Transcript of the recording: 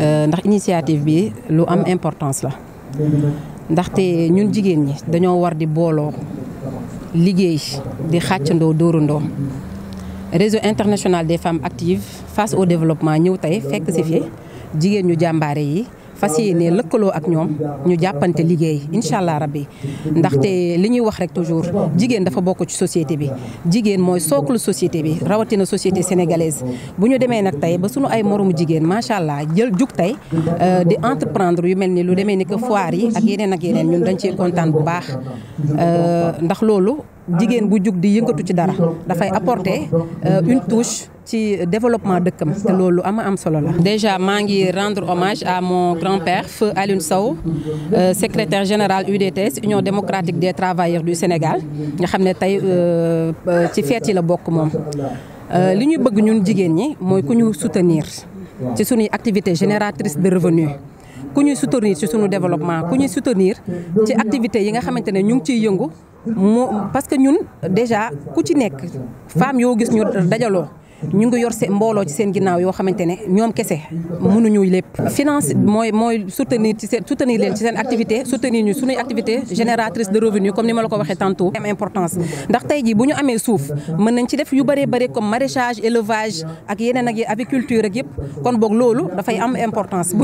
Euh, ndax initiative bi lu am importance la ndaxte ñun jigéen ñi dañoo war di booloo liggéey di xàccandoo dóorandoo réseau international des femmes actives face au développement ñëw tey fekk si fi jigéen ñu jàmbaare yi fas ne lëkkaloo ak ñoom ñu jàppante liggéey incha allah rabbi ndaxte li ñuy wax rek toujours jigéen dafa bokk ci société bi jigéen mooy socle société bi rawatina société sénégalaise bu ñu demee nag tey ba suñu ay moroomu jigéen macha allah jël jug tey euh, di entreprendre yu mel ni lu demee ni que foire yi ak yeneen ak yeneen ñun dañ cee kontaan bu baax euh, ndax loolu jigéen bu jug di yëngatu ci dara dafay apporter euh, une touche ci développement dëkkam te loolu ama am solo la. déjà maa ngi rendre hommage à mon grand-père feu Alioune Sow euh, secretaire général UDTS Union démocratique des travailleurs du Sénégal nga xam ne tey euh, euh, ci feet yi la bokk moom. li ñu bëgg ñun jigéen ñi mooy ku ñu soutenir ci suñuy activité génératrice de revenu ku ñuy soutenir ci suñu développement ku ñuy soutenir ci activité yi nga xamante ne ñu ngi ciy yëngu mu parce que ñun déjà ku ci nekk femmes yoo gis ñu dajaloo. ñu ngi yor seen mbooloo ci seen ginnaaw yoo xamante ne ñoom kese mënuñu lépp. finance mooy mooy soutenir ci seen soutenir leen ci seen activité soutenir ñu suñuy activité génératrice de revenu comme ni ma la ko waxee tantôt. am importance ndax tey jii bu ñu amee suuf mën nañ ci def yu bëree bëri comme maraîchage élevage ak yeneen ak aviculture ak yëpp kon boog loolu dafay am importance.